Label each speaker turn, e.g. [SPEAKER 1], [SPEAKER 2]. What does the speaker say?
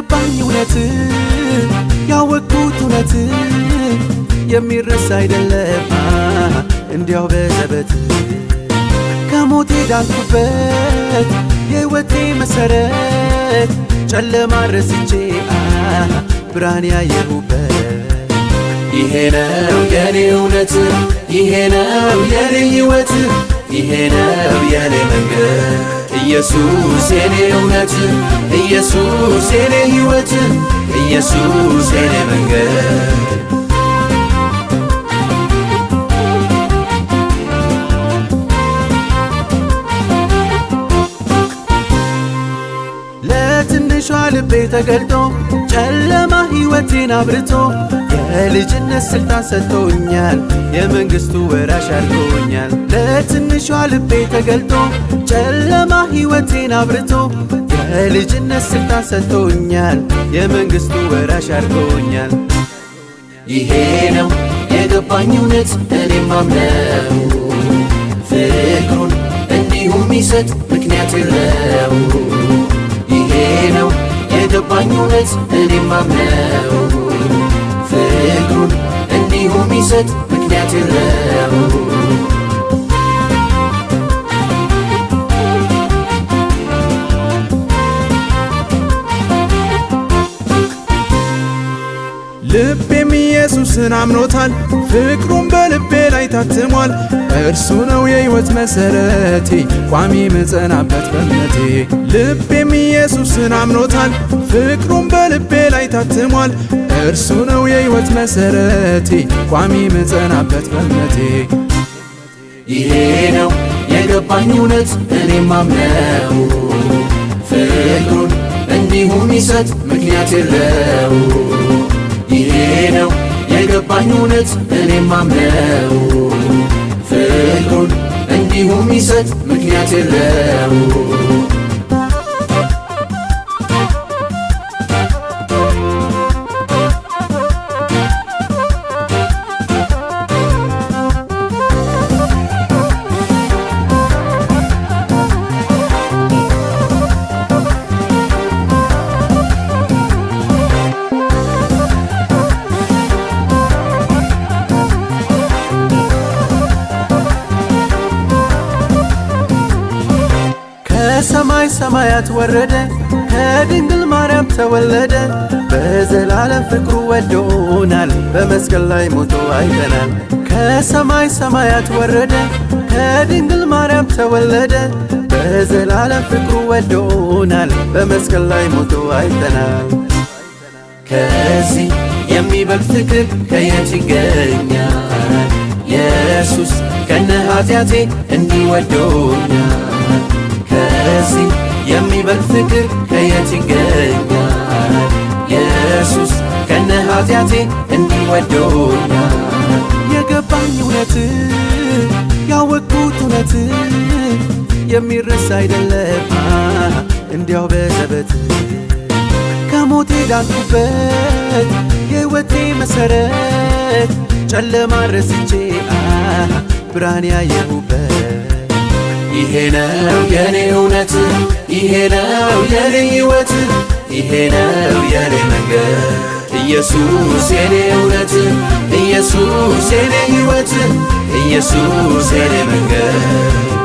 [SPEAKER 1] ገባኝ እውነት ያወቅኩት እውነት የሚረሳ አይደለም እንዲያው በዘበት ከሞቴ ዳንኩበት የህይወቴ መሰረት ጨለማ ረስቼ ብርሃን ያየሁበት
[SPEAKER 2] ይሄ ነው የኔ እውነት ይሄ ነው የኔ ሕይወት ይሄ ነው የኔ መንገድ ኢየሱስ የኔ እውነት፣ ኢየሱስ የኔ ሕይወት፣ ኢየሱስ የኔ መንገድ
[SPEAKER 3] ለትንሿ ልቤ ተገልጦ ጨለማ ሕይወቴን አብርቶ በልጅነት ስልጣን ሰጥቶኛል፣ የመንግስቱ ወራሽ አድርጎኛል። ለትንሿ ልቤ ተገልጦ ጨለማ ሕይወቴን አብርቶ በልጅነት ስልጣን ሰጥቶኛል፣ የመንግስቱ ወራሽ አድርጎኛል።
[SPEAKER 2] ይሄ ነው የገባኝ እውነት እኔም ማምነው ፍቅሩን እንዲሁ የሚሰጥ ምክንያት የለው። ይሄ ነው የገባኝ እውነት እኔም ማምነው ፍቅሩን እንዲሁም ይሰጥ ምክንያት የለው።
[SPEAKER 3] ልቤም ኢየሱስን አምኖታል፣ ፍቅሩም በልቤ ላይ ታትሟል። እርሱ ነው የሕይወት መሠረቴ፣ ቋሚ መጸናበት በእምነቴ። ልቤም ኢየሱስን አምኖታል፣ ፍቅሩም በልቤ ላይ ታትሟል። እርሱ ነው የሕይወት መሠረቴ፣ ቋሚ መጸናበት በእምነቴ።
[SPEAKER 2] ይሄ ነው የገባኝ እውነት እኔም አምነው ፍቅሩን እንዲሁ ሚሰጥ ምክንያት የለው ይሄ ነው የገባኝ እውነት እኔም ማምነው ፍቅሩን እንዲሁም ይሰጥ ምክንያት የለው
[SPEAKER 4] ሰማያት ወረደ፣ ከድንግል ማርያም ተወለደ። በዘላለም ፍቅሩ ወዶናል፣ በመስቀል ላይ ሞቶ አይተናል። ከሰማይ ሰማያት ወረደ፣ ከድንግል ማርያም ተወለደ። በዘላለም ፍቅሩ ወዶናል፣ በመስቀል ላይ ሞቶ አይተናል።
[SPEAKER 2] ከዚህ የሚበልጥ ፍቅር ከየት ይገኛል? ኢየሱስ ከነ ኃጢአቴ እንዲወዶኛል የበልጥ ፍቅር ከየት ይገኛል? ኢየሱስ ከነ ኃጢአቴ እንዲወዶኛል።
[SPEAKER 1] የገባኝ እውነት ያወቅኩት እውነት የሚረሳ አይደለም እንዲያው በዘበት ከሞቴ ዳንኩበት የሕይወቴ መሠረት ጨለማ ረስቼ ብርሃን ያየሁበት
[SPEAKER 2] ይሄ ነው የእኔ እውነት ይሄ ነው የኔ ሕይወት፣ ይሄ ነው የኔ መንገድ። ኢየሱስ የኔ እውነት፣ ኢየሱስ የኔ ሕይወት፣ ኢየሱስ የኔ መንገድ